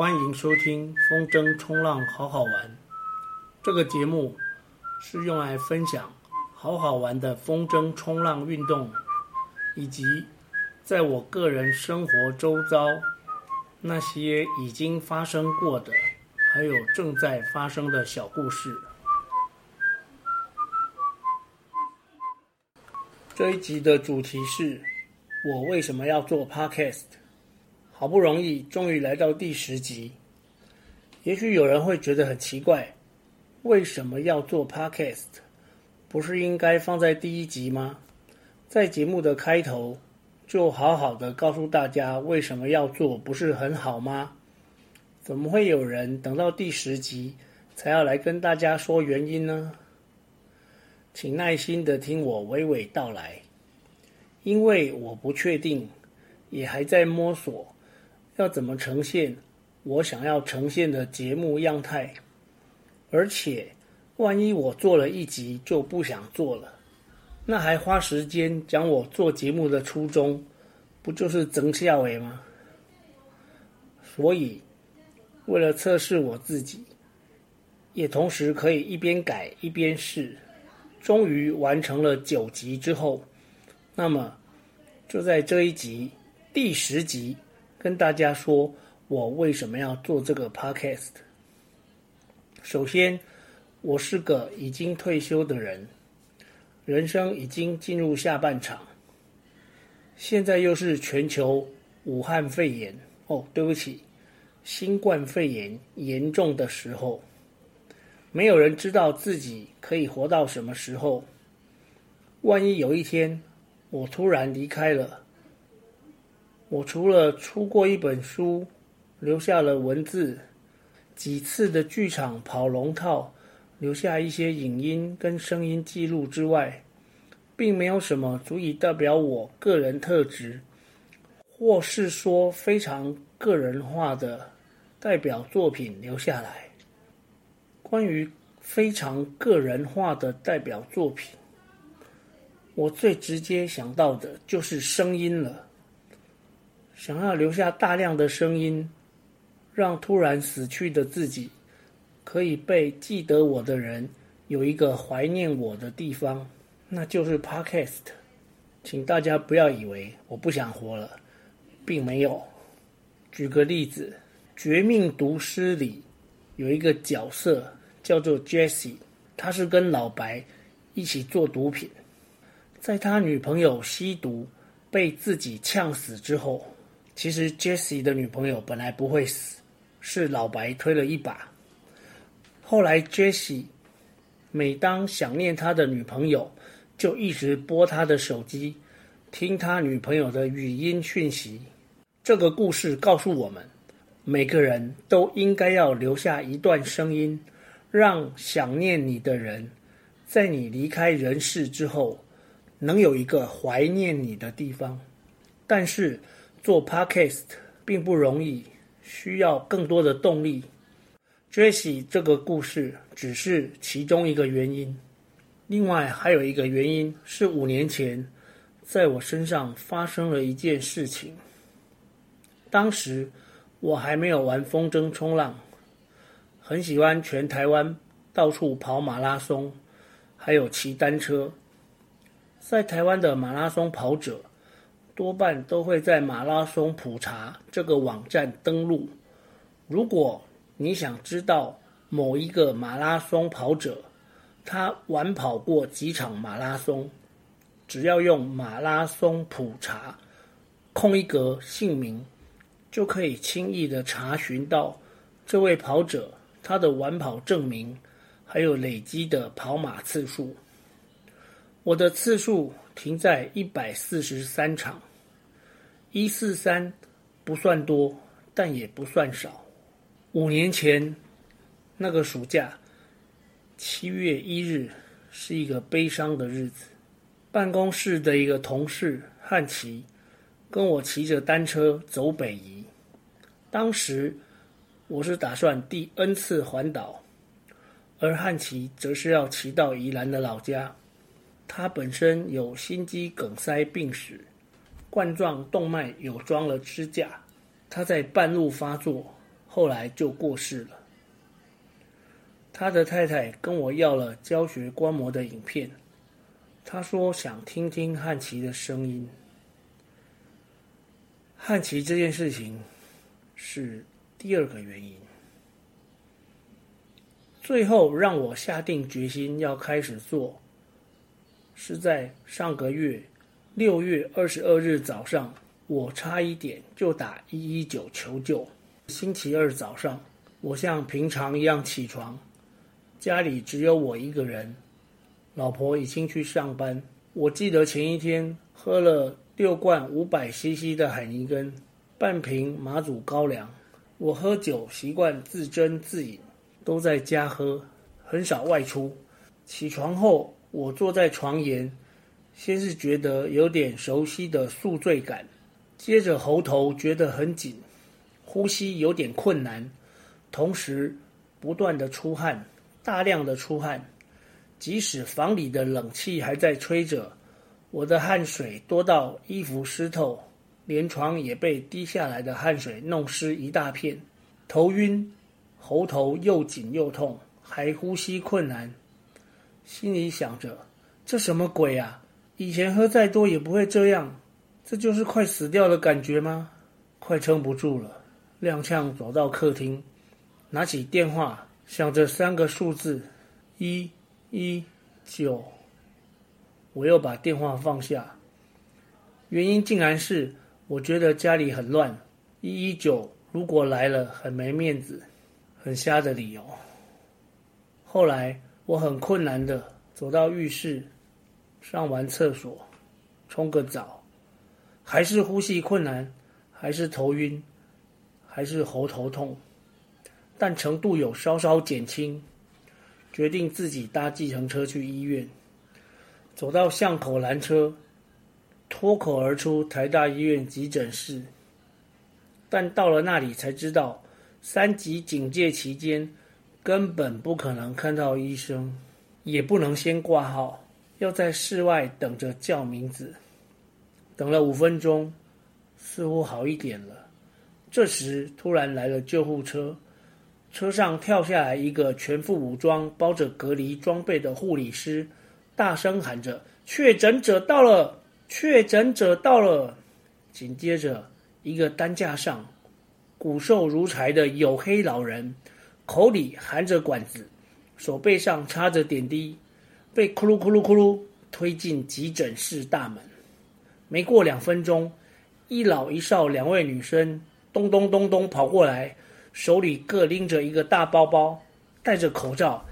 歡迎收聽風箏衝浪好好玩，這個節目是用來分享好好玩的風箏衝浪運動，以及在我個人生活周遭那些已經發生過的，還有正在發生的小故事。這一集的主題是我為什麼要做 Podcast？好不容易，終於來到第十集。也許有人會覺得很奇怪，為什麼要做 Podcast？不是應該放在第一集嗎？在節目的開頭，就好好的告訴大家為什麼要做，不是很好嗎？怎麼會有人等到第十集才要來跟大家說原因呢？請耐心的聽我娓娓道來，因為我不確定，也還在摸索。要怎麼呈現我想要呈現的節目樣態？而且，萬一我做了一集就不想做了，那還花時間講我做節目的初衷，不就是增下尾嗎？所以，為了測試我自己，也同時可以一邊改一邊試。終於完成了九集之後，那麼就在這一集第十集。跟大家說，我為什麼要做這個 podcast？首先，我是個已經退休的人，人生已經進入下半場，現在又是全球武漢肺炎，哦，對不起，新冠肺炎嚴重的時候，沒有人知道自己可以活到什麼時候。萬一有一天我突然離開了。我除了出過一本書，留下了文字，幾次的劇場跑龍套，留下一些影音跟聲音記錄之外，並沒有什麼足以代表我個人特質，或是說非常個人化的代表作品留下來。關於非常個人化的代表作品，我最直接想到的就是聲音了。想要留下大量的聲音，讓突然死去的自己可以被記得我的人有一個懷念我的地方，那就是 Podcast。請大家不要以為我不想活了，並沒有。舉個例子，《絕命毒師》裡有一個角色叫做 Jessie，他是跟老白一起做毒品，在他女朋友吸毒被自己嗆死之後。其實，Jesse 的女朋友本來不會死，是老白推了一把。後來，Jesse 每當想念他的女朋友，就一直撥他的手機，聽他女朋友的語音訊息。這個故事告訴我們，每個人都應該要留下一段聲音，讓想念你的人，在你離開人世之後，能有一個懷念你的地方。但是，做 podcast 並不容易，需要更多的動力。Jesse 這個故事只是其中一個原因，另外還有一個原因是五年前，在我身上發生了一件事情。當時我還沒有玩風箏衝浪，很喜歡全台灣到處跑馬拉松，還有騎單車。在台灣的馬拉松跑者，多半都會在馬拉松普查這個網站登錄。如果你想知道某一個馬拉松跑者，他完跑過幾場馬拉松，只要用馬拉松普查，空一格姓名，就可以輕易的查詢到這位跑者，他的完跑證明，還有累積的跑馬次數。我的次數停在一百四十三場。一四三不算多，但也不算少。五年前那個暑假，七月一日是一個悲傷的日子。辦公室的一個同事漢奇跟我騎着單車走北宜。當時我是打算第 N 次環島，而漢奇則是要騎到宜蘭的老家。他本身有心肌梗塞病史。冠狀動脈有裝了支架，他在半路發作，後來就過世了。他的太太跟我要了教學觀摩的影片，他說想聽聽漢奇的聲音。漢奇這件事情是第二個原因，最後讓我下定決心要開始做，是在上個月。六月二十二日早上，我差一點就打一一九求救。星期二早上，我像平常一樣起床，家裡只有我一個人，老婆已經去上班。我記得前一天喝了六罐五百 CC 的海尼根，半瓶馬祖高粱。我喝酒習慣自斟自飲，都在家喝，很少外出。起床後，我坐在床沿。先是覺得有點熟悉的宿醉感，接着喉頭覺得很緊，呼吸有點困難，同時不斷的出汗，大量的出汗，即使房裡的冷氣還在吹着，我的汗水多到衣服濕透，連床也被滴下來的汗水弄濕一大片，頭暈，喉頭又緊又痛，還呼吸困難，心裡想着，這什麼鬼啊？以前喝再多也不會這樣，這就是快死掉的感覺嗎？快撐不住了，踉蹌走到客廳，拿起電話，想這三個數字，一一九。我又把電話放下，原因竟然是我覺得家裡很亂，一一九如果來了很沒面子，很瞎的理由。後來我很困難的走到浴室。上完廁所，沖個澡，還是呼吸困難，還是頭暈，還是喉頭痛，但程度有稍稍減輕，決定自己搭計程車去醫院。走到巷口攔車，脫口而出“台大醫院急診室”，但到了那裡才知道，三級警戒期間根本不可能看到醫生，也不能先掛號。要在室外等着叫名字，等了五分鐘，似乎好一點了。這時突然來了救護車，車上跳下來一個全副武裝、包着隔離裝備的護理師，大聲喊着：“確診者到了！確診者到了！”緊接着，一個擔架上骨瘦如柴的黝黑老人，口裡含着管子，手背上插着點滴。被“咕嚕咕嚕咕嚕”推進急診室大門，沒過兩分鐘，一老一少兩位女生“咚咚咚咚”跑過來，手裡各拎着一個大包包，戴着口罩，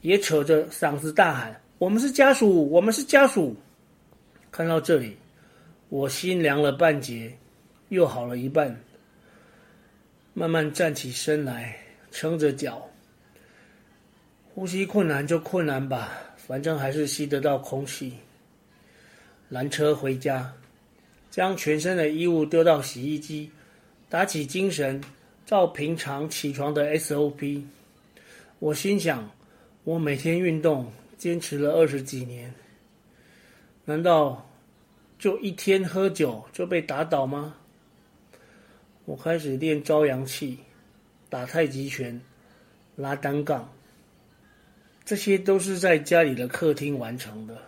也扯着嗓子大喊：“我們是家屬，我們是家屬。”看到這裡，我心涼了半截，又好了一半，慢慢站起身來，撐着腳，呼吸困難就困難吧。反正還是吸得到空氣。攔車回家，將全身的衣物丟到洗衣機，打起精神，照平常起床的 SOP。我心想：我每天運動，堅持了二十幾年，難道就一天喝酒就被打倒嗎？我開始練朝陽氣，打太極拳，拉單槓。這些都是在家裡的客廳完成的，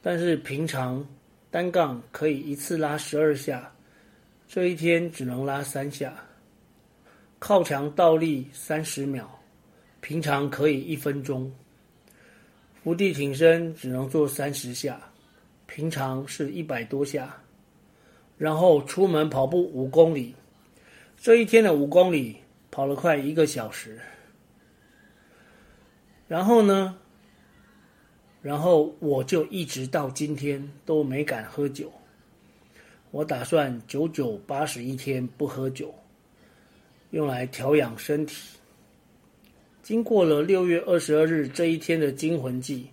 但是平常單槓可以一次拉十二下，這一天只能拉三下。靠牆倒立三十秒，平常可以一分鐘。伏地挺身只能做三十下，平常是一百多下。然後出門跑步五公里，這一天的五公里跑了快一個小時。然後呢？然後我就一直到今天都沒敢喝酒。我打算九九八十一天不喝酒，用來調養身體經過了六月二十二日這一天的驚魂記，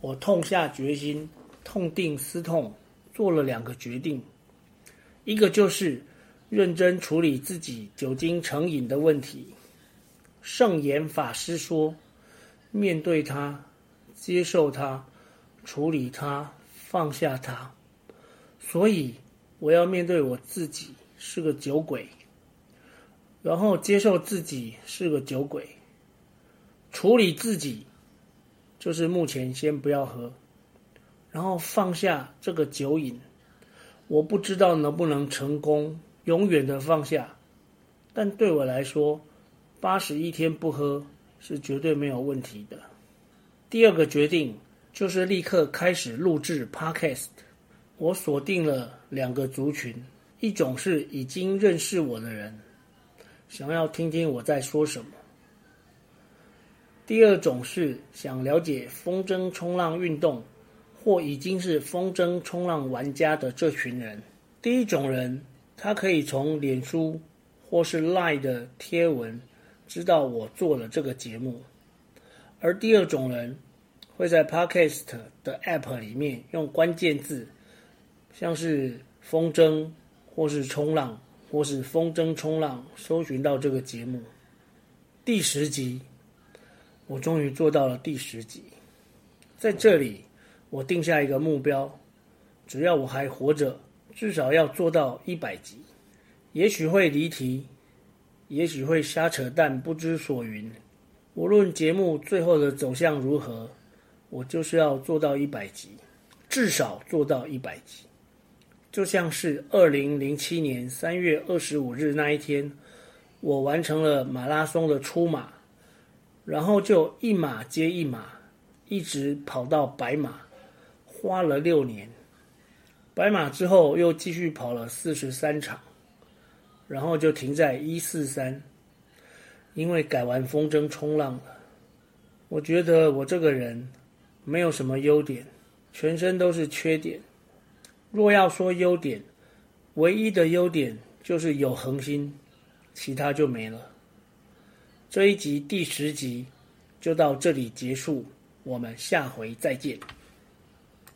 我痛下決心，痛定思痛，做了兩個決定：一個就是認真處理自己酒精成癮的問題。聖嚴法師說：“面對他，接受他，處理他，放下他。所以，我要面對我自己是個酒鬼，然後接受自己是個酒鬼，處理自己，就是目前先不要喝，然後放下這個酒癮。我不知道能不能成功永遠的放下，但對我來說。”八十一天不喝是絕對沒有問題的。第二個決定就是立刻開始錄製 Podcast。我鎖定了兩個族群：一種是已經認識我的人，想要聽聽我在說什麼；第二種是想了解風箏衝浪運動，或已經是風箏衝浪玩家的這群人。第一種人，他可以從臉書或是 Line 的貼文，知道我做了這個節目，而第二種人會在 Podcast 的 App 裡面用關鍵字，像是風箏，或是衝浪，或是風箏衝浪，搜尋到這個節目。第十集，我終於做到了第十集，在這裡我定下一個目標，只要我還活着，至少要做到一百集。也許會離題。也許會瞎扯淡，不知所云。無論節目最後的走向如何，我就是要做到一百集，至少做到一百集。就像是二零零七年三月二十五日那一天，我完成了馬拉松的初馬，然後就一馬接一馬，一直跑到百馬，花了六年。百馬之後又繼續跑了四十三場。然後就停在一四三，因為改完風箏衝浪了。我覺得我這個人沒有什麼優點，全身都是缺點。若要說優點，唯一的優點就是有恆心，其他就沒了。這一集第十集就到這裡結束，我們下回再見。